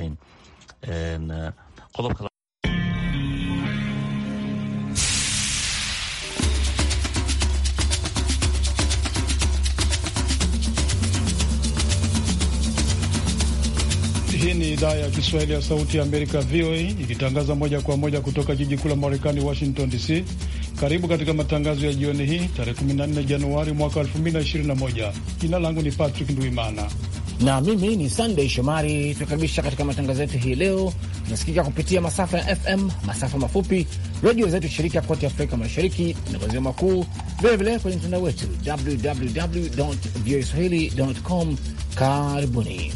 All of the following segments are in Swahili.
ahayn qodobka Hii ni idhaa ya Kiswahili ya Sauti ya Amerika, VOA, ikitangaza moja kwa moja kutoka jiji kuu la Marekani, Washington DC. Karibu katika matangazo ya jioni hii tarehe 14 Januari mwaka 2021. Jina langu ni Patrick nduimana na mimi ni Sunday Shomari. Tunakaribisha katika matangazo yetu hii leo. Tunasikika kupitia masafa ya FM, masafa mafupi, redio zetu shirika kote Afrika Mashariki na maziwa makuu, vilevile kwenye mtandao wetu www voaswahili com. Karibuni.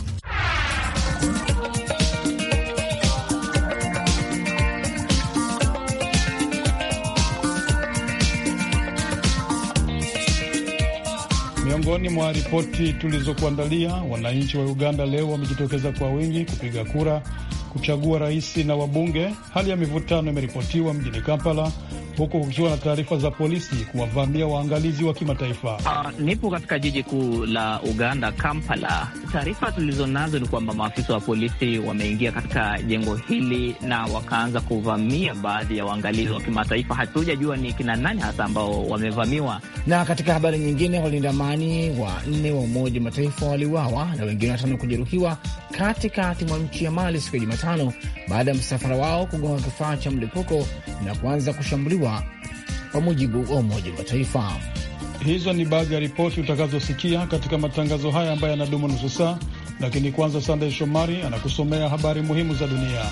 Miongoni mwa ripoti tulizokuandalia, wananchi wa Uganda leo wamejitokeza kwa wingi kupiga kura kuchagua rais na wabunge. Hali ya mivutano imeripotiwa mjini Kampala huku kukiwa na taarifa za polisi kuwavamia waangalizi wa kimataifa. Uh, nipo katika jiji kuu la Uganda, Kampala. Taarifa tulizonazo ni kwamba maafisa wa polisi wameingia katika jengo hili na wakaanza kuvamia baadhi ya waangalizi wa kimataifa. Hatujajua ni kina nani hasa ambao wamevamiwa. Na katika habari nyingine, walinda amani wanne wa Umoja wa Mataifa waliwawa na wengine watano kujeruhiwa katikati mwa nchi ya Mali siku ya Jumatano baada ya msafara wao kugonga kifaa cha mlipuko na kuanza kushambuliwa hatua, kwa mujibu wa Umoja wa Mataifa. Hizo ni baadhi ya ripoti utakazosikia katika matangazo haya ambayo yanadumu nusu saa, lakini kwanza, Sandey Shomari anakusomea habari muhimu za dunia.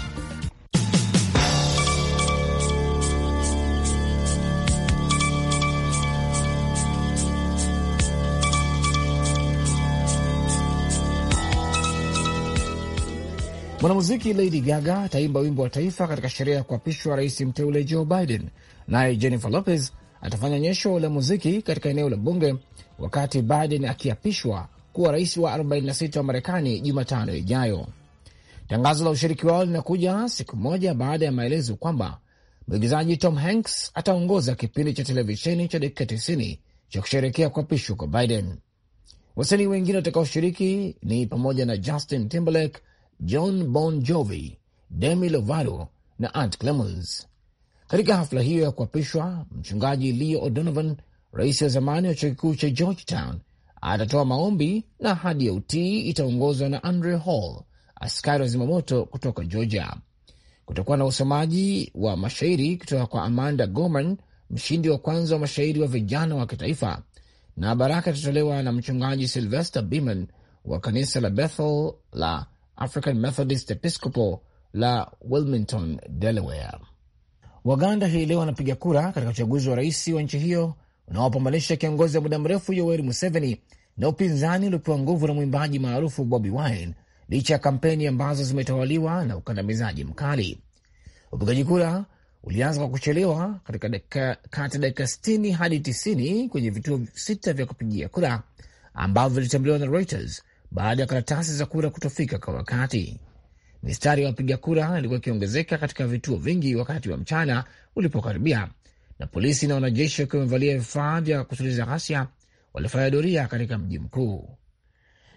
Mwanamuziki Lady Gaga ataimba wimbo wa taifa katika sherehe ya kuapishwa rais mteule Joe Biden, naye Jennifer Lopez atafanya onyesho la muziki katika eneo la bunge wakati Biden akiapishwa kuwa rais wa 46 wa Marekani Jumatano ijayo. Tangazo la ushiriki wao linakuja siku moja baada ya maelezo kwamba mwigizaji Tom Hanks ataongoza kipindi cha televisheni cha dakika 90 cha kusherekea kuapishwa kwa Biden. Wasanii wengine watakaoshiriki ni pamoja na Justin Timberlake John Bon Jovi, Demi Lovato na Ant Clemens. Katika hafla hiyo ya kuapishwa, mchungaji Leo O'Donovan, rais wa zamani wa chuo kikuu cha Georgetown, atatoa maombi na ahadi ya utii itaongozwa na Andre Hall, askari wa zimamoto kutoka Georgia. Kutakuwa na usomaji wa mashairi kutoka kwa Amanda Gorman, mshindi wa kwanza wa mashairi wa vijana wa kitaifa, na baraka itatolewa na mchungaji Sylvester biman wa kanisa la Bethel la African Methodist Episcopal la Wilmington, Delaware. Waganda hii leo wanapiga kura katika uchaguzi wa rais wa nchi hiyo unaopambanisha kiongozi wa muda mrefu Yoweri Museveni na upinzani uliopewa nguvu na mwimbaji maarufu Bobi Wine, licha ya kampeni ambazo zimetawaliwa na ukandamizaji mkali. Upigaji kura ulianza kwa kuchelewa katika kati dakika 60 hadi 90 kwenye vituo sita vya kupigia kura ambavyo vilitembelewa na Reuters baada ya karatasi za kura kutofika kwa wakati. Mistari ya wapiga kura ilikuwa ikiongezeka katika vituo vingi wakati wa mchana ulipokaribia, na polisi na wanajeshi wakiwa wamevalia vifaa vya kutuliza ghasia walifanya doria katika mji mkuu.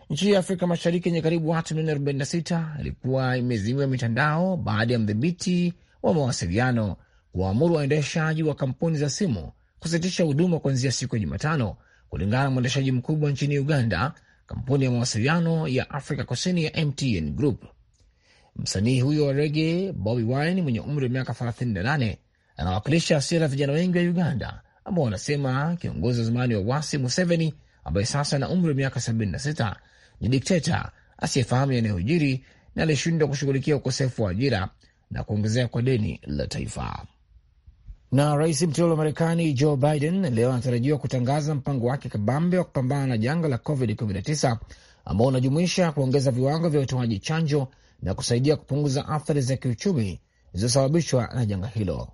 Nchi ya Afrika Mashariki yenye karibu watu milioni 46 ilikuwa imezimiwa mitandao baada ya mdhibiti wa mawasiliano kuwaamuru waendeshaji wa kampuni za simu kusitisha huduma kuanzia siku ya Jumatano, kulingana na mwendeshaji mkubwa nchini Uganda kampuni ya mawasiliano ya Afrika Kusini ya MTN Group. Msanii huyo wa rege Bobi Wine mwenye umri wa miaka 38 anawakilisha hasira vijana wengi wa Uganda ambao wanasema kiongozi wa zamani wa wasi Museveni ambaye sasa ana umri wa miaka 76 ni dikteta asiyefahamu yanayojiri na alishindwa kushughulikia ukosefu wa ajira na kuongezea kwa deni la taifa. Na rais mteule wa Marekani Joe Biden leo anatarajiwa kutangaza mpango wake kabambe wa kupambana na janga la COVID-19 ambao unajumuisha kuongeza viwango vya utoaji chanjo na kusaidia kupunguza athari za kiuchumi zilizosababishwa na janga hilo.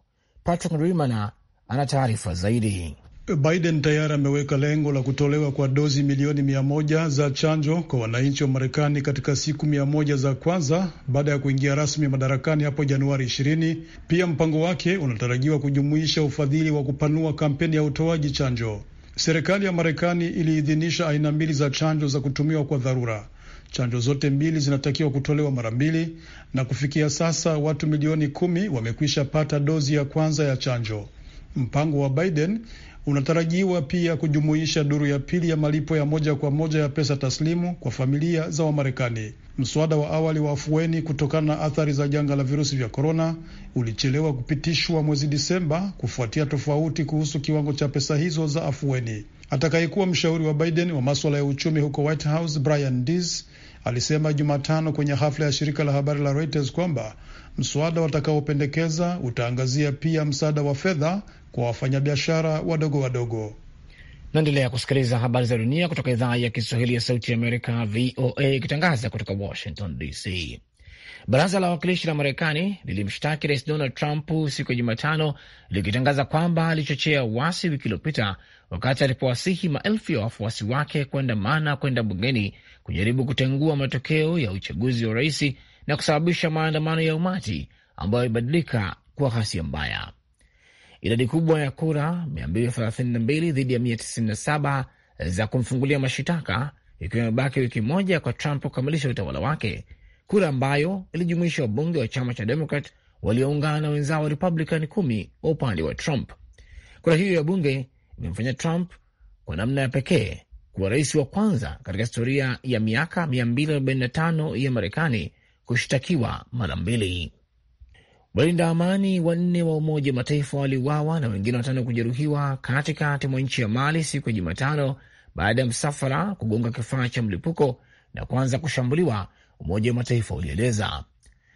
Patrick rimana ana taarifa zaidi. Biden tayari ameweka lengo la kutolewa kwa dozi milioni mia moja za chanjo kwa wananchi wa Marekani katika siku mia moja za kwanza baada ya kuingia rasmi madarakani hapo Januari ishirini. Pia mpango wake unatarajiwa kujumuisha ufadhili wa kupanua kampeni ya utoaji chanjo. Serikali ya Marekani iliidhinisha aina mbili za chanjo za kutumiwa kwa dharura. Chanjo zote mbili zinatakiwa kutolewa mara mbili, na kufikia sasa watu milioni kumi wamekwisha pata dozi ya kwanza ya chanjo. Mpango wa Biden unatarajiwa pia kujumuisha duru ya pili ya malipo ya moja kwa moja ya pesa taslimu kwa familia za Wamarekani. Mswada wa awali wa afueni kutokana na athari za janga la virusi vya korona ulichelewa kupitishwa mwezi Disemba kufuatia tofauti kuhusu kiwango cha pesa hizo za afueni. Atakayekuwa mshauri wa Biden wa maswala ya uchumi huko White House, Brian dis alisema Jumatano kwenye hafla ya shirika la habari la Reuters kwamba mswada watakaopendekeza utaangazia pia msaada wa fedha kwa wafanyabiashara wadogo wadogo. Naendelea kusikiliza habari za dunia kutoka idhaa ya Kiswahili ya Sauti ya Amerika, VOA, ikitangaza kutoka Washington DC. Baraza la Wawakilishi la Marekani lilimshtaki Rais Donald Trump siku ya Jumatano likitangaza kwamba alichochea uasi wiki iliyopita wakati alipowasihi maelfu ya wafuasi wake kuandamana kwenda bungeni kujaribu kutengua matokeo ya uchaguzi wa raisi na kusababisha maandamano ya umati ambayo imebadilika kuwa ghasia mbaya idadi kubwa ya kura 232 dhidi ya 197 za kumfungulia mashitaka, ikiwa imebaki wiki moja kwa Trump kukamilisha utawala wake, kura ambayo ilijumuisha wabunge wa chama cha Demokrat walioungana na wenzao wa Republican kumi wa upande wa Trump. Kura hiyo ya bunge imemfanya Trump kwa namna ya pekee kuwa rais wa kwanza katika historia ya miaka 245 ya Marekani kushtakiwa mara mbili. Walinda amani wanne wa Umoja Mataifa waliuawa na wengine watano kujeruhiwa katikati mwa nchi ya Mali siku ya Jumatano baada ya msafara kugonga kifaa cha mlipuko na kuanza kushambuliwa. Umoja wa Mataifa ulieleza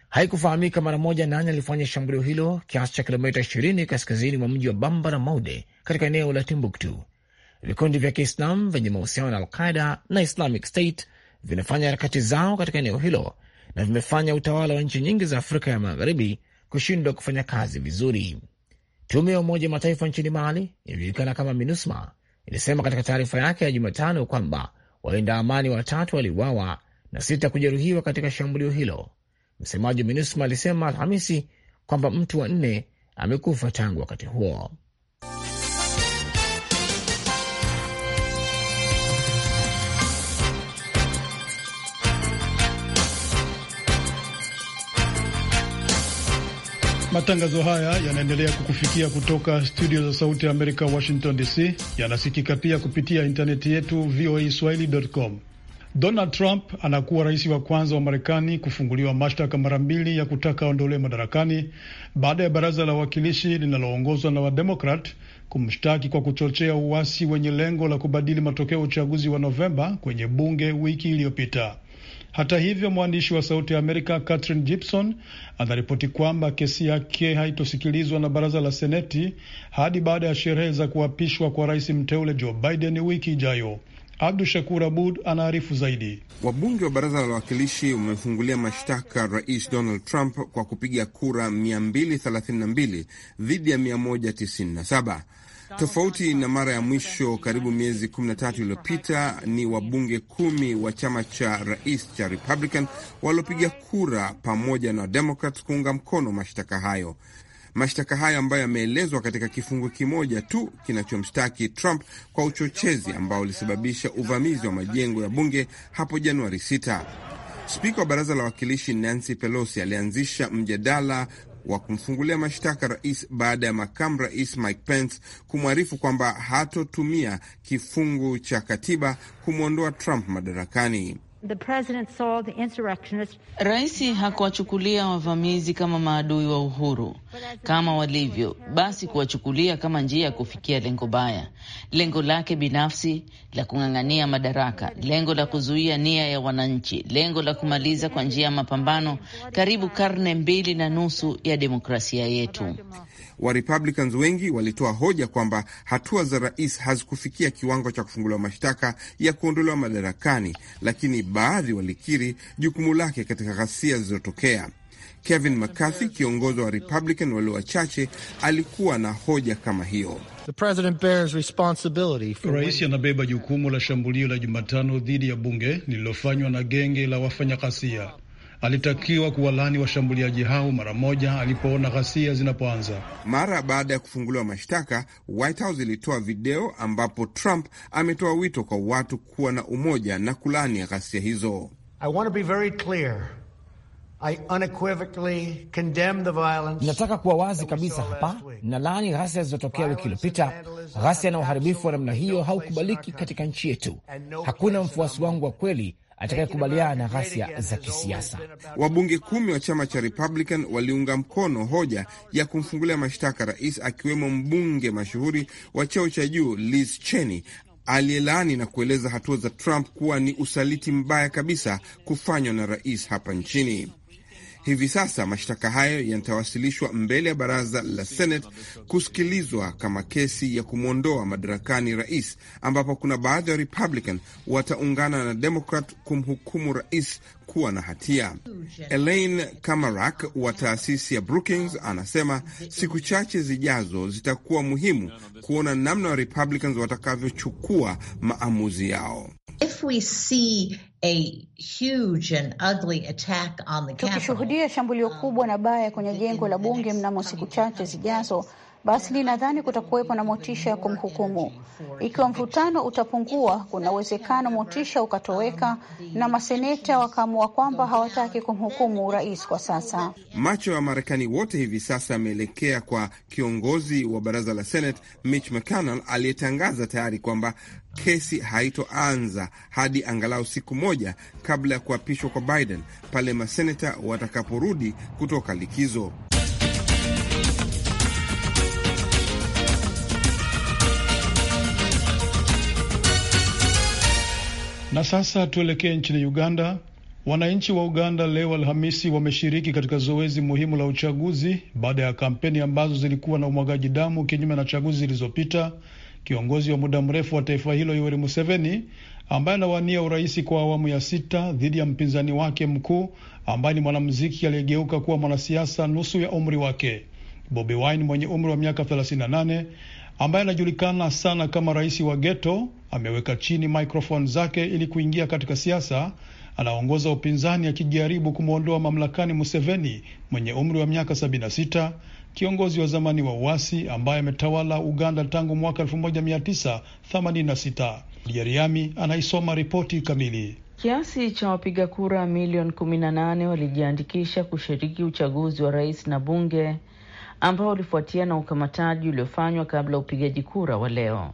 haikufahamika mara moja nani alifanya shambulio hilo kiasi cha kilomita 20 kaskazini mwa mji wa Bambara Maude katika eneo la Timbuktu. Vikundi vya Kiislam vyenye mahusiano na Alqaida na Islamic State vinafanya harakati zao katika eneo hilo na vimefanya utawala wa nchi nyingi za Afrika ya Magharibi kushindwa kufanya kazi vizuri. Tume ya Umoja Mataifa nchini Mali inayojulikana kama MINUSMA ilisema katika taarifa yake ya Jumatano kwamba walinda amani watatu waliuawa na sita kujeruhiwa katika shambulio hilo. Msemaji wa MINUSMA alisema Alhamisi kwamba mtu wa nne amekufa tangu wakati huo. Matangazo haya yanaendelea kukufikia kutoka studio za Sauti ya Amerika, Washington DC. Yanasikika pia kupitia intaneti yetu VOA swahili.com. Donald Trump anakuwa rais wa kwanza wa Marekani kufunguliwa mashtaka mara mbili ya kutaka aondolewe madarakani baada ya baraza la wawakilishi linaloongozwa na Wademokrat kumshtaki kwa kuchochea uasi wenye lengo la kubadili matokeo ya uchaguzi wa Novemba kwenye bunge wiki iliyopita. Hata hivyo, mwandishi wa Sauti ya Amerika Catherine Gibson anaripoti kwamba kesi yake haitosikilizwa na baraza la Seneti hadi baada ya sherehe za kuapishwa kwa rais mteule Joe Biden wiki ijayo. Abdu Shakur Abud anaarifu zaidi. Wabunge wa baraza la wawakilishi wamefungulia mashtaka Rais Donald Trump kwa kupiga kura 232 dhidi ya 197 Tofauti na mara ya mwisho karibu miezi 13 iliyopita, ni wabunge kumi wa chama cha rais cha Republican waliopiga kura pamoja na Wademokrat kuunga mkono mashtaka hayo mashtaka hayo ambayo yameelezwa katika kifungu kimoja tu kinachomshtaki Trump kwa uchochezi ambao ulisababisha uvamizi wa majengo ya bunge hapo Januari 6. Spika wa baraza la wawakilishi Nancy Pelosi alianzisha mjadala wa kumfungulia mashtaka rais baada ya makamu rais Mike Pence kumwarifu kwamba hatotumia kifungu cha katiba kumwondoa Trump madarakani. Rais hakuwachukulia wavamizi kama maadui wa uhuru kama walivyo, basi kuwachukulia kama njia ya kufikia lengo baya, lengo lake binafsi la kung'ang'ania madaraka, lengo la kuzuia nia ya wananchi, lengo la kumaliza kwa njia ya mapambano karibu karne mbili na nusu ya demokrasia yetu wa Republicans wengi walitoa hoja kwamba hatua za rais hazikufikia kiwango cha kufunguliwa mashtaka ya kuondolewa madarakani, lakini baadhi walikiri jukumu lake katika ghasia zilizotokea. Kevin McCarthy, kiongozi wa Republican walio wachache, alikuwa na hoja kama hiyo. Rais anabeba jukumu la shambulio la Jumatano dhidi ya bunge lililofanywa na genge la wafanyakasia alitakiwa kuwalani washambuliaji hao mara moja alipoona ghasia zinapoanza. Mara baada ya kufunguliwa mashtaka, White House ilitoa video ambapo Trump ametoa wito kwa watu kuwa na umoja na kulani ghasia hizo. I want to be very clear. I unequivocally condemn the violence. Nataka kuwa wazi kabisa hapa na lani ghasia zilizotokea wiki iliyopita. Ghasia na uharibifu wa namna hiyo haukubaliki katika nchi yetu. Hakuna mfuasi wangu wa kweli atakayekubaliana na ghasia za kisiasa. Wabunge kumi wa chama cha Republican waliunga mkono hoja ya kumfungulia mashtaka rais, akiwemo mbunge mashuhuri wa cheo cha juu Liz Cheney aliyelaani na kueleza hatua za Trump kuwa ni usaliti mbaya kabisa kufanywa na rais hapa nchini. Hivi sasa mashtaka hayo yatawasilishwa mbele ya baraza la Senate kusikilizwa kama kesi ya kumwondoa madarakani rais, ambapo kuna baadhi ya Republican wataungana na Demokrat kumhukumu rais kuwa na hatia. Elaine Kamarak wa taasisi ya Brookings anasema siku chache zijazo zitakuwa muhimu kuona namna wa Republicans watakavyochukua maamuzi yao if we see a huge ugly Tukishuhudia shambulio um, kubwa na baya kwenye jengo la bunge mnamo siku chache zijazo, basi ninadhani kutakuwepo na motisha ya kumhukumu. Ikiwa mvutano utapungua, kuna uwezekano motisha ukatoweka na maseneta wakaamua kwamba hawataki kumhukumu rais kwa sasa. Macho ya marekani wote hivi sasa yameelekea kwa kiongozi wa baraza la Senate Mitch McConnell aliyetangaza tayari kwamba kesi haitoanza hadi angalau siku moja kabla ya kuapishwa kwa Biden pale maseneta watakaporudi kutoka likizo. Na sasa tuelekee nchini Uganda. Wananchi wa Uganda leo Alhamisi wameshiriki katika zoezi muhimu la uchaguzi baada ya kampeni ambazo zilikuwa na umwagaji damu kinyume na chaguzi zilizopita. Kiongozi wa muda mrefu wa taifa hilo Yoweri Museveni, ambaye anawania urais kwa awamu ya sita dhidi ya mpinzani wake mkuu ambaye ni mwanamuziki aliyegeuka kuwa mwanasiasa nusu ya umri wake, Bobi Wine mwenye umri wa miaka ambaye anajulikana sana kama rais wa geto ameweka chini mikrofoni zake ili kuingia katika siasa. Anaongoza upinzani akijaribu kumwondoa mamlakani Museveni mwenye umri wa miaka 76, kiongozi wa zamani wa uasi ambaye ametawala Uganda tangu mwaka 1986. Jeriami anaisoma ripoti kamili. Kiasi cha wapiga kura milioni 18 walijiandikisha kushiriki uchaguzi wa rais na bunge ambao ulifuatia na ukamataji uliofanywa kabla ya upigaji kura wa leo,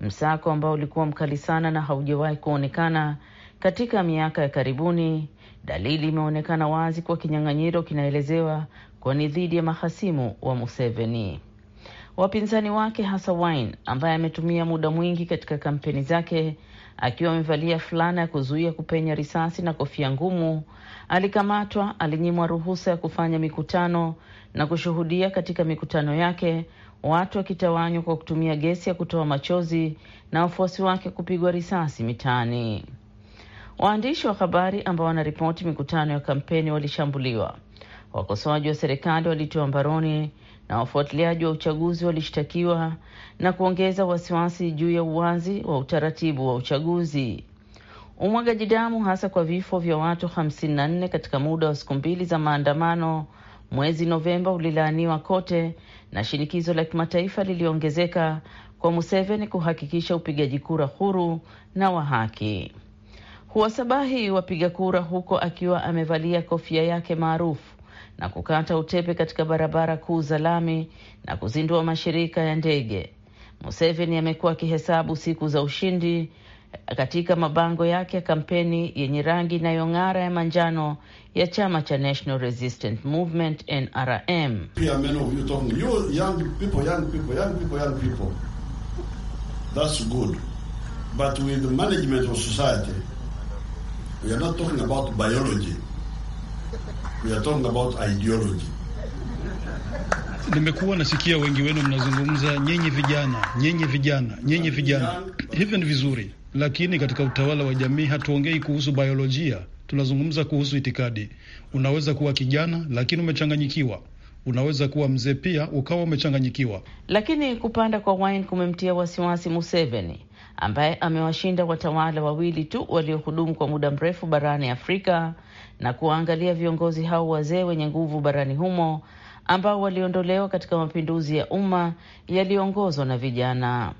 msako ambao ulikuwa mkali sana na haujawahi kuonekana katika miaka ya karibuni. Dalili imeonekana wazi kwa kinyang'anyiro kinaelezewa kuwa ni dhidi ya mahasimu wa Museveni, wapinzani wake, hasa Wine ambaye ametumia muda mwingi katika kampeni zake akiwa amevalia fulana ya kuzuia kupenya risasi na kofia ngumu. Alikamatwa, alinyimwa ruhusa ya kufanya mikutano na kushuhudia katika mikutano yake watu wakitawanywa kwa kutumia gesi ya kutoa machozi na wafuasi wake kupigwa risasi mitaani. Waandishi wa habari ambao wanaripoti mikutano ya kampeni walishambuliwa, wakosoaji wa serikali walitiwa mbaroni na wafuatiliaji wa uchaguzi walishtakiwa na kuongeza wasiwasi juu ya uwazi wa utaratibu wa uchaguzi. Umwagaji damu hasa kwa vifo vya watu 54 katika muda wa siku mbili za maandamano Mwezi Novemba ulilaaniwa kote na shinikizo la kimataifa liliongezeka kwa Museveni kuhakikisha upigaji kura huru na wa haki. Huwasabahi wapiga kura huko akiwa amevalia kofia yake maarufu na kukata utepe katika barabara kuu za lami na kuzindua mashirika ya ndege. Museveni amekuwa akihesabu siku za ushindi katika mabango yake ya kampeni yenye rangi inayong'ara ya manjano ya chama cha National Resistance Movement NRM. Nimekuwa nasikia wengi wenu mnazungumza nyenye vijana, nyenye vijana, nyenye vijana. Hivyo ni vizuri lakini katika utawala wa jamii hatuongei kuhusu biolojia, tunazungumza kuhusu itikadi. Unaweza kuwa kijana lakini umechanganyikiwa unaweza kuwa mzee pia ukawa umechanganyikiwa. Lakini kupanda kwa wine kumemtia wasiwasi Museveni, ambaye amewashinda watawala wawili tu waliohudumu kwa muda mrefu barani Afrika na kuwaangalia viongozi hao wazee wenye nguvu barani humo ambao waliondolewa katika mapinduzi ya umma yaliyoongozwa na vijana.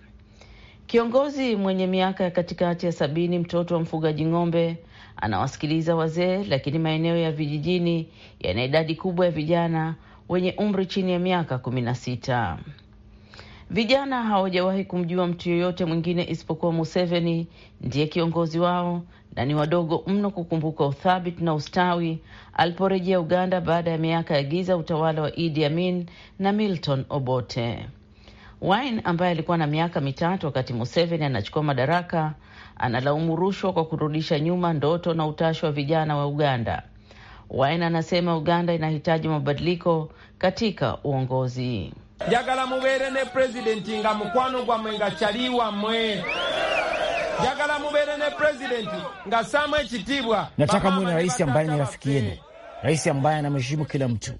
Kiongozi mwenye miaka ya katikati ya sabini, mtoto wa mfugaji ng'ombe, anawasikiliza wazee, lakini maeneo ya vijijini yana idadi kubwa ya vijana wenye umri chini ya miaka kumi na sita. Vijana hawajawahi kumjua mtu yoyote mwingine isipokuwa Museveni ndiye kiongozi wao, na ni wadogo mno kukumbuka uthabiti na ustawi aliporejea Uganda baada ya miaka ya giza utawala wa Idi Amin na Milton Obote. Wine ambaye alikuwa na miaka mitatu wakati Museveni anachukua madaraka, analaumu rushwa kwa kurudisha nyuma ndoto na utashi wa vijana wa Uganda. Wine anasema Uganda inahitaji mabadiliko katika uongozi. jagala mubere ne presidenti nga mukwano gwamwe nga chaliwa mwe jagala mubere ne presidenti nga samwe chitibwa. Nataka muwe na rais ambaye ni rafiki yenu, rais ambaye anamheshimu kila mtu,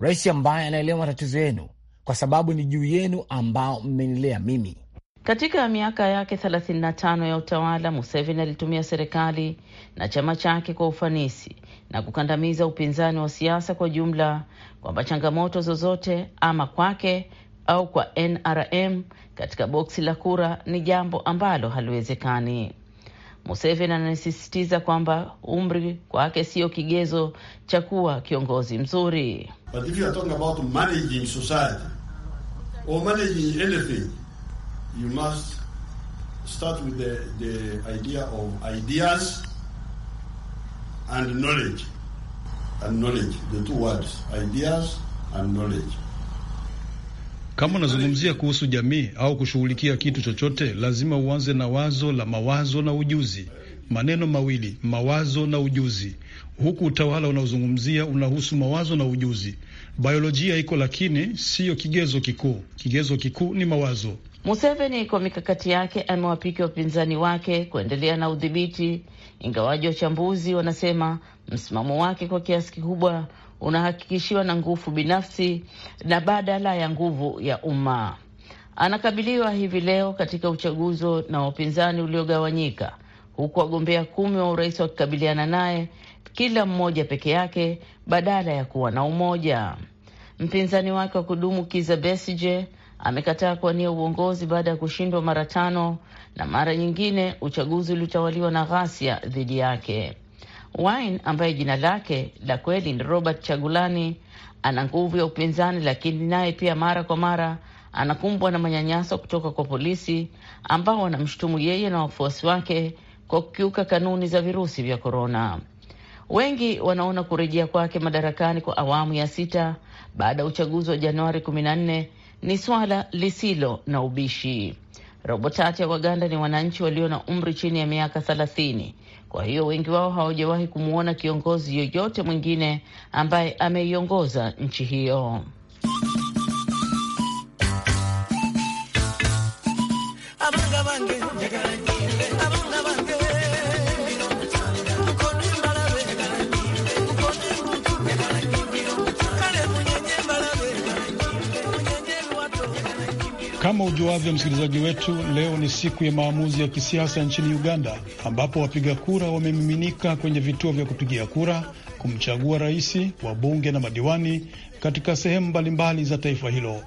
rais ambaye anaelewa matatizo yenu kwa sababu ni juu yenu ambao mmenilea mimi. Katika miaka yake 35 ya utawala, Museveni alitumia serikali na chama chake kwa ufanisi na kukandamiza upinzani wa siasa kwa jumla, kwamba changamoto zozote ama kwake au kwa NRM katika boksi la kura ni jambo ambalo haliwezekani. Museveni anasisitiza kwamba umri kwake siyo kigezo cha kuwa kiongozi mzuri, but if you are talking about managing society or managing anything, you must start with the, the idea of ideas and knowledge. And knowledge, the two words, ideas and knowledge. Kama unazungumzia kuhusu jamii au kushughulikia kitu chochote, lazima uanze na wazo la mawazo na ujuzi. Maneno mawili, mawazo na ujuzi. Huku utawala unaozungumzia unahusu mawazo na ujuzi Biolojia iko lakini siyo kigezo kikuu. Kigezo kikuu ni mawazo. Museveni kwa mikakati yake amewapika wapinzani wake kuendelea na udhibiti, ingawaji wachambuzi wanasema msimamo wake kwa kiasi kikubwa unahakikishiwa na nguvu binafsi na badala ya nguvu ya umma. Anakabiliwa hivi leo katika uchaguzi na wapinzani uliogawanyika, huku wagombea kumi wa urais wakikabiliana naye kila mmoja peke yake badala ya kuwa na umoja. Mpinzani wake wa kudumu Kiza Besije amekataa kuwania uongozi baada ya kushindwa mara tano na mara nyingine uchaguzi uliotawaliwa na ghasia dhidi yake. Wine ambaye jina lake la kweli ni Robert Chagulani ana nguvu ya upinzani, lakini naye pia mara kwa mara anakumbwa na manyanyaso kutoka kwa polisi ambao wanamshutumu yeye na wafuasi wake kwa kukiuka kanuni za virusi vya korona. Wengi wanaona kurejea kwake madarakani kwa awamu ya sita baada ya uchaguzi wa Januari 14 ni swala lisilo na ubishi. Robo tatu ya Waganda ni wananchi walio na umri chini ya miaka thelathini. Kwa hiyo wengi wao hawajawahi kumwona kiongozi yoyote mwingine ambaye ameiongoza nchi hiyo. Kama ujuavyo, msikilizaji wetu, leo ni siku ya maamuzi ya kisiasa nchini Uganda, ambapo wapiga kura wamemiminika kwenye vituo vya kupigia kura kumchagua rais, wabunge na madiwani katika sehemu mbalimbali za taifa hilo.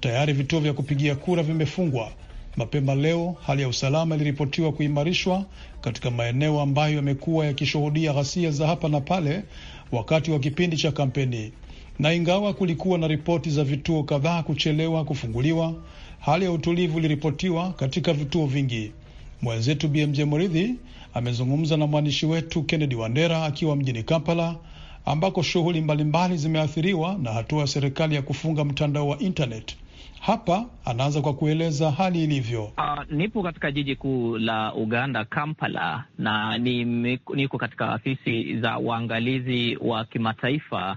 Tayari vituo vya kupigia kura vimefungwa. Mapema leo, hali ya usalama iliripotiwa kuimarishwa katika maeneo ambayo yamekuwa yakishuhudia ghasia za hapa na pale wakati wa kipindi cha kampeni, na ingawa kulikuwa na ripoti za vituo kadhaa kuchelewa kufunguliwa hali ya utulivu iliripotiwa katika vituo vingi. Mwenzetu BMJ Muridhi amezungumza na mwandishi wetu Kennedy Wandera akiwa mjini Kampala, ambako shughuli mbalimbali zimeathiriwa na hatua ya serikali ya kufunga mtandao wa intanet. Hapa anaanza kwa kueleza hali ilivyo. Uh, nipo katika jiji kuu la Uganda, Kampala, na niko katika afisi za waangalizi wa kimataifa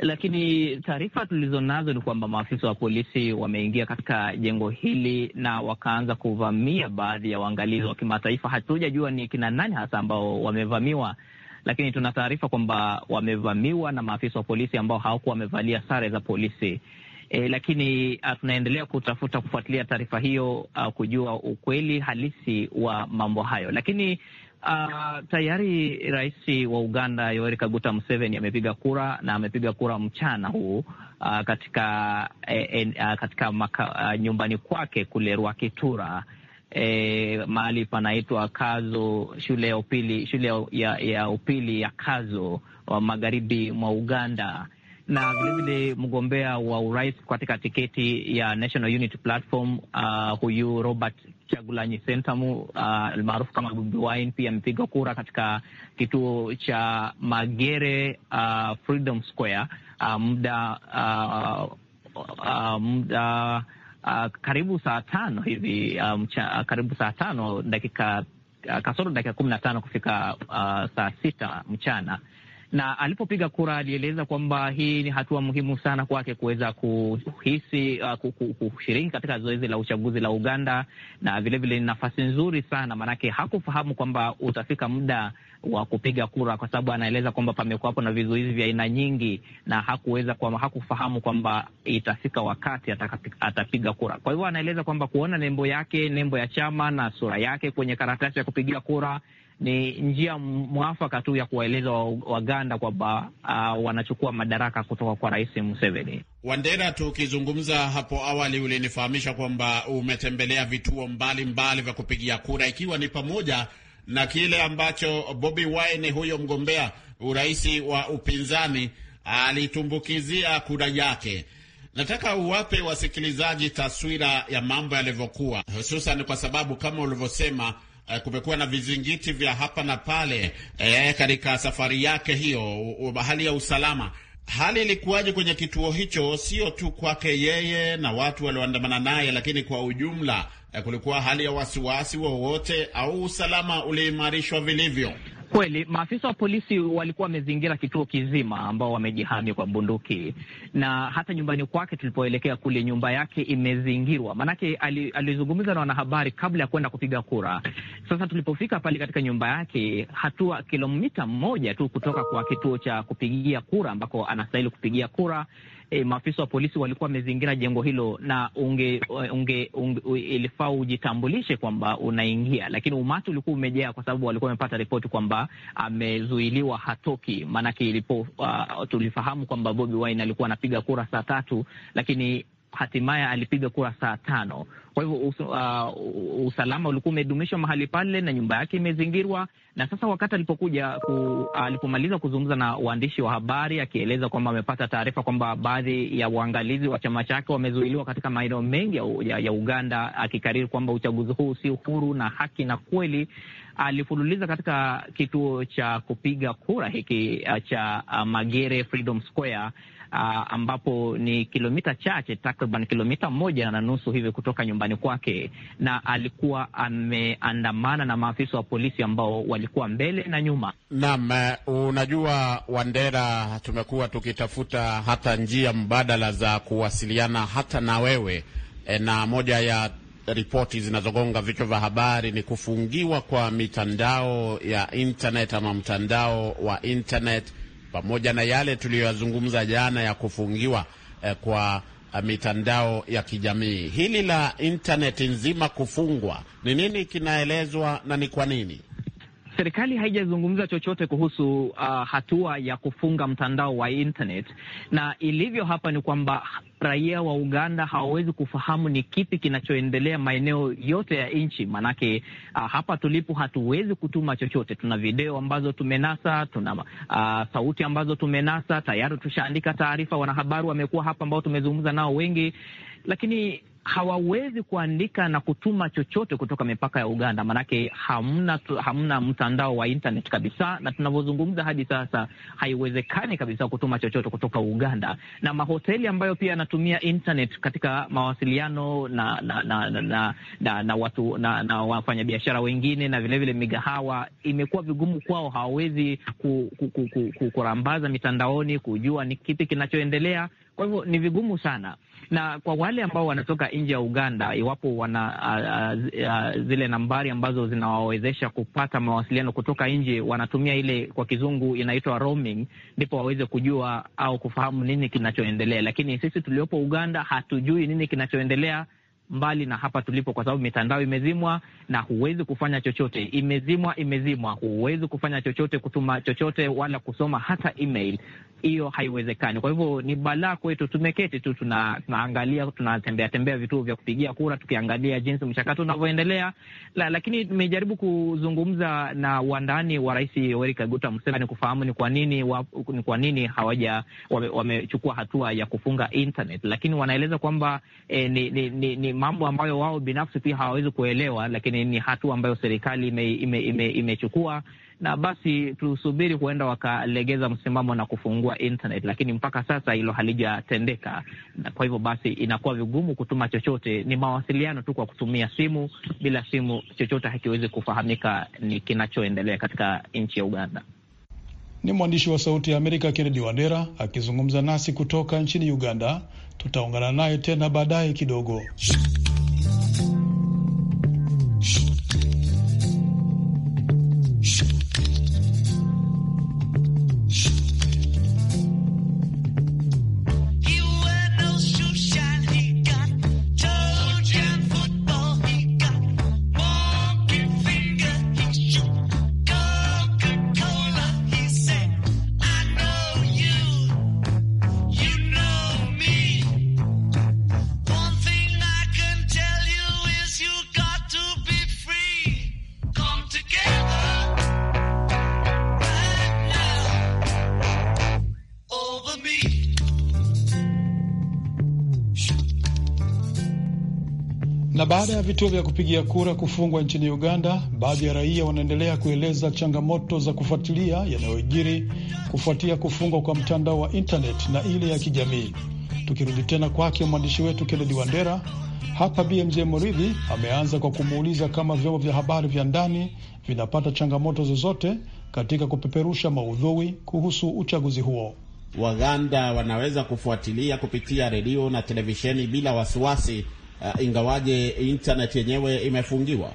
lakini taarifa tulizonazo ni kwamba maafisa wa polisi wameingia katika jengo hili na wakaanza kuvamia baadhi ya waangalizi wa kimataifa. Hatujajua ni kina nani hasa ambao wamevamiwa, lakini tuna taarifa kwamba wamevamiwa na maafisa wa polisi ambao hawakuwa wamevalia sare za polisi. E, lakini tunaendelea kutafuta kufuatilia taarifa hiyo, uh, kujua ukweli halisi wa mambo hayo. Lakini Uh, tayari rais wa Uganda Yoweri Kaguta Museveni amepiga kura na amepiga kura mchana huu uh, katika eh, eh, katika maka, uh, nyumbani kwake kule Rwakitura eh, mahali panaitwa Kazo shule ya upili shule ya, ya upili ya Kazo wa magharibi mwa Uganda na vilevile mgombea wa urais katika tiketi ya National Unity Platform uh, huyu Robert Chagulanyi Sentamu ah, almaarufu uh, kama Bobi Wine pia amepiga kura katika kituo cha Magere uh, Freedom Square uh, muda uh, uh, muda uh, karibu saa tano hivi um, cha, karibu saa tano dakika kasoro dakika kumi na tano kufika uh, saa sita mchana na alipopiga kura alieleza kwamba hii ni hatua muhimu sana kwake kuweza kuhisi uh, kushiriki katika zoezi la uchaguzi la Uganda, na vilevile ni nafasi nzuri sana maanake hakufahamu kwamba utafika muda wa kupiga kura, kwa sababu anaeleza kwamba pamekuwapo na vizuizi vya aina nyingi, na hakuweza kwa, hakufahamu kwamba itafika wakati atapiga kura. Kwa hivyo anaeleza kwamba kuona nembo yake, nembo ya chama na sura yake kwenye karatasi ya kupigia kura ni njia mwafaka tu ya kuwaeleza Waganda kwamba uh, wanachukua madaraka kutoka kwa Rais Museveni. Wandera, tukizungumza hapo awali ulinifahamisha kwamba umetembelea vituo mbalimbali vya kupigia kura ikiwa ni pamoja na kile ambacho Bobi Wine huyo mgombea urais wa upinzani alitumbukizia kura yake. Nataka uwape wasikilizaji taswira ya mambo yalivyokuwa, hususan kwa sababu kama ulivyosema eh, kumekuwa na vizingiti vya hapa na pale eh, katika safari yake hiyo, uh, hali ya usalama Hali ilikuwaje kwenye kituo hicho, sio tu kwake yeye na watu walioandamana naye, lakini kwa ujumla eh, kulikuwa hali ya wasiwasi wowote, au usalama uliimarishwa vilivyo? Kweli maafisa wa polisi walikuwa wamezingira kituo kizima, ambao wamejihami kwa bunduki, na hata nyumbani kwake tulipoelekea kule, nyumba yake imezingirwa. Maanake alizungumza na wanahabari kabla ya kwenda kupiga kura. Sasa tulipofika pale katika nyumba yake, hatua kilomita moja tu kutoka kwa kituo cha kupigia kura ambako anastahili kupigia kura e, maafisa wa polisi walikuwa wamezingira jengo hilo na unge, eh, unge, unge, ilifaa ujitambulishe kwamba unaingia, lakini umati ulikuwa umejaa kwa sababu walikuwa wamepata ripoti kwamba amezuiliwa, hatoki. Maanake ilipo uh, tulifahamu kwamba Bobi Wine alikuwa anapiga kura saa tatu lakini hatimaye alipiga kura saa tano. Kwa hivyo us, uh, usalama ulikuwa umedumishwa mahali pale na nyumba yake imezingirwa. Na sasa wakati alipokuja ku, alipomaliza kuzungumza na waandishi wa habari akieleza kwamba amepata taarifa kwamba baadhi ya waangalizi wa chama chake wamezuiliwa katika maeneo mengi ya, ya, ya Uganda, akikariri kwamba uchaguzi huu si huru na haki na kweli, alifululiza katika kituo cha kupiga kura hiki uh, cha uh, Magere Freedom Square uh, ambapo ni kilomita chache takriban kilomita moja na nusu hivi kutoka nyumbani kwake, na alikuwa ameandamana na maafisa wa polisi ambao walikuwa mbele na nyuma. Naam, eh, unajua Wandera, tumekuwa tukitafuta hata njia mbadala za kuwasiliana hata na wewe e, na moja ya ripoti zinazogonga vichwa vya habari ni kufungiwa kwa mitandao ya internet ama mtandao wa internet pamoja na yale tuliyoyazungumza jana ya kufungiwa eh, kwa eh, mitandao ya kijamii. Hili la intaneti nzima kufungwa, ni nini kinaelezwa na ni kwa nini? serikali haijazungumza chochote kuhusu uh, hatua ya kufunga mtandao wa internet, na ilivyo hapa ni kwamba raia wa Uganda hawawezi kufahamu ni kipi kinachoendelea maeneo yote ya nchi, maanake uh, hapa tulipo hatuwezi kutuma chochote. Tuna video ambazo tumenasa, tuna uh, sauti ambazo tumenasa tayari, tushaandika taarifa. Wanahabari wamekuwa hapa ambao tumezungumza nao wengi, lakini hawawezi kuandika na kutuma chochote kutoka mipaka ya Uganda, maanake hamna, hamna mtandao wa internet kabisa, na tunavyozungumza hadi sasa haiwezekani kabisa kutuma chochote kutoka Uganda, na mahoteli ambayo pia yanatumia internet katika mawasiliano na na na, na, na, na, na watu na, na wafanyabiashara wengine na vilevile migahawa, imekuwa vigumu kwao, hawawezi ku, ku, ku, ku, ku, kurambaza mitandaoni, kujua ni kipi kinachoendelea. Kwa hivyo ni vigumu sana. Na kwa wale ambao wanatoka nje ya Uganda, iwapo wana a, a, zile nambari ambazo zinawawezesha kupata mawasiliano kutoka nje, wanatumia ile kwa kizungu inaitwa roaming, ndipo waweze kujua au kufahamu nini kinachoendelea. Lakini sisi tuliopo Uganda hatujui nini kinachoendelea mbali na hapa tulipo, kwa sababu mitandao imezimwa na huwezi kufanya chochote. Imezimwa, imezimwa, huwezi kufanya chochote, kutuma chochote wala kusoma hata email. Hiyo haiwezekani. Kwa hivyo ni balaa kwetu. Tumeketi tu tuna, tunaangalia tunatembea tembea vituo vya kupigia kura tukiangalia jinsi mchakato unavyoendelea la, lakini nimejaribu kuzungumza na wandani wa Rais Yoweri Kaguta Museveni kufahamu ni kwa nini wa, ni kwa nini hawaja wamechukua wame hatua ya kufunga internet, lakini wanaeleza kwamba eh, ni, ni, ni, ni mambo ambayo wao binafsi pia hawawezi kuelewa, lakini ni hatua ambayo serikali imechukua ime, ime, ime na basi tusubiri huenda wakalegeza msimamo na kufungua internet, lakini mpaka sasa hilo halijatendeka. Kwa hivyo basi inakuwa vigumu kutuma chochote, ni mawasiliano tu kwa kutumia simu. Bila simu chochote hakiwezi kufahamika ni kinachoendelea katika nchi ya Uganda. Ni mwandishi wa Sauti ya Amerika Kennedy Wandera akizungumza nasi kutoka nchini Uganda Tutaungana naye tena baadaye kidogo. Na baada ya vituo vya kupigia kura kufungwa nchini Uganda, baadhi ya raia wanaendelea kueleza changamoto za kufuatilia yanayojiri kufuatia kufungwa kwa mtandao wa intanet na ile ya kijamii. Tukirudi tena kwake mwandishi wetu Kennedy Wandera hapa, BMJ Moridhi ameanza kwa kumuuliza kama vyombo vya habari vya ndani vinapata changamoto zozote katika kupeperusha maudhui kuhusu uchaguzi huo. Waganda wanaweza kufuatilia kupitia redio na televisheni bila wasiwasi uh, ingawaje internet yenyewe imefungiwa.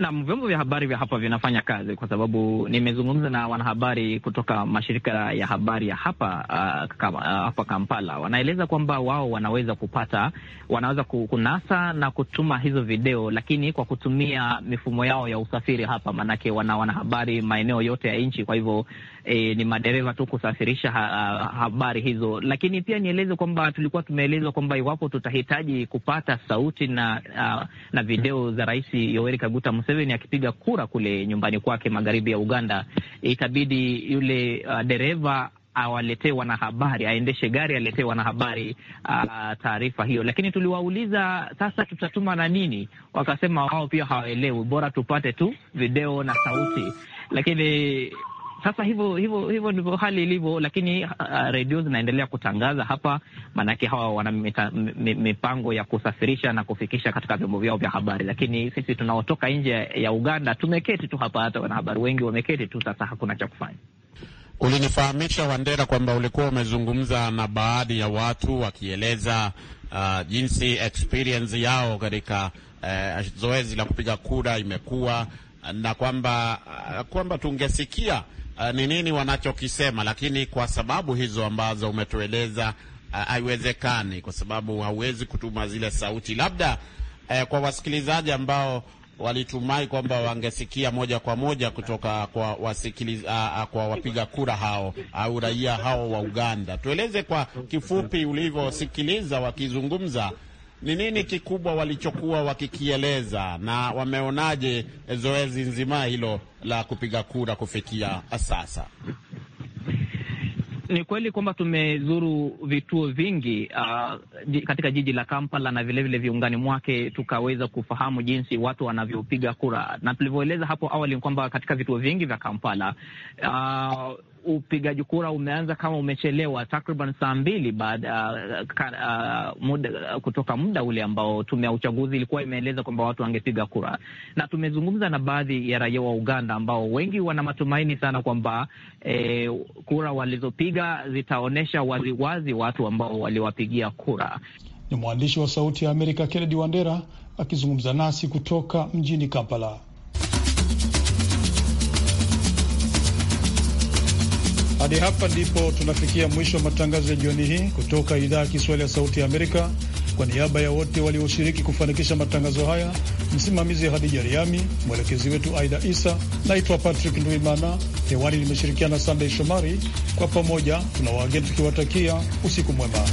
Naam, vyombo vya habari vya hapa vinafanya kazi, kwa sababu nimezungumza na wanahabari kutoka mashirika ya habari ya hapa uh, kama, uh, hapa Kampala, wanaeleza kwamba wao wanaweza kupata, wanaweza kunasa na kutuma hizo video, lakini kwa kutumia mifumo yao ya usafiri hapa, maanake wana wanahabari maeneo yote ya nchi. Kwa hivyo E, ni madereva tu kusafirisha ha, ah, habari hizo. Lakini pia nieleze kwamba tulikuwa tumeelezwa kwamba iwapo tutahitaji kupata sauti na, uh, na video za Rais Yoweri Kaguta Museveni Museveni akipiga kura kule nyumbani kwake magharibi ya Uganda, itabidi yule uh, dereva awaletee wanahabari, aendeshe gari aletee wanahabari uh, taarifa hiyo. Lakini tuliwauliza sasa, tutatuma na nini? Wakasema wao pia hawaelewi, bora tupate tu video na sauti. Lakini sasa hivyo hivyo hivyo ndivyo hali ilivyo, lakini uh, redio zinaendelea kutangaza hapa, maanake hawa wana mipango ya kusafirisha na kufikisha katika vyombo vyao vya habari, lakini sisi tunaotoka nje ya Uganda tumeketi tu hapa, hata wanahabari wengi wameketi tu, sasa hakuna cha kufanya. Ulinifahamisha Wandera kwamba ulikuwa umezungumza na baadhi ya watu wakieleza uh, jinsi experience yao katika uh, zoezi la kupiga kura imekuwa na kwamba uh, kwamba tungesikia Eh, ni nini wanachokisema, lakini kwa sababu hizo ambazo umetueleza eh, haiwezekani, kwa sababu hauwezi kutuma zile sauti. Labda uh, kwa wasikilizaji ambao walitumai kwamba wangesikia moja kwa moja kutoka kwa wasikiliz, uh, kwa wapiga kura hao au raia hao wa Uganda, tueleze kwa kifupi ulivyosikiliza wakizungumza ni nini kikubwa walichokuwa wakikieleza na wameonaje zoezi nzima hilo la kupiga kura kufikia sasa? Ni kweli kwamba tumezuru vituo vingi uh, katika jiji la Kampala na vilevile viungani mwake, tukaweza kufahamu jinsi watu wanavyopiga kura, na tulivyoeleza hapo awali ni kwamba katika vituo vingi vya Kampala uh, upigaji kura umeanza kama umechelewa takriban saa mbili baada uh, uh muda, uh, kutoka muda ule ambao tume ya uchaguzi ilikuwa imeeleza kwamba watu wangepiga kura, na tumezungumza na baadhi ya raia wa Uganda ambao wengi wana matumaini sana kwamba eh, kura walizopiga zitaonyesha waziwazi watu ambao waliwapigia kura. Ni mwandishi wa Sauti ya Amerika Kennedy Wandera akizungumza nasi kutoka mjini Kampala. Hadi hapa ndipo tunafikia mwisho wa matangazo ya jioni hii kutoka idhaa ya Kiswahili ya Sauti ya Amerika. Kwa niaba ya wote walioshiriki kufanikisha matangazo haya, msimamizi Hadija Riami, mwelekezi wetu Aida Isa. Naitwa Patrick nduimana hewani limeshirikiana Sandey Shomari. Kwa pamoja tuna wageni tukiwatakia usiku mwema.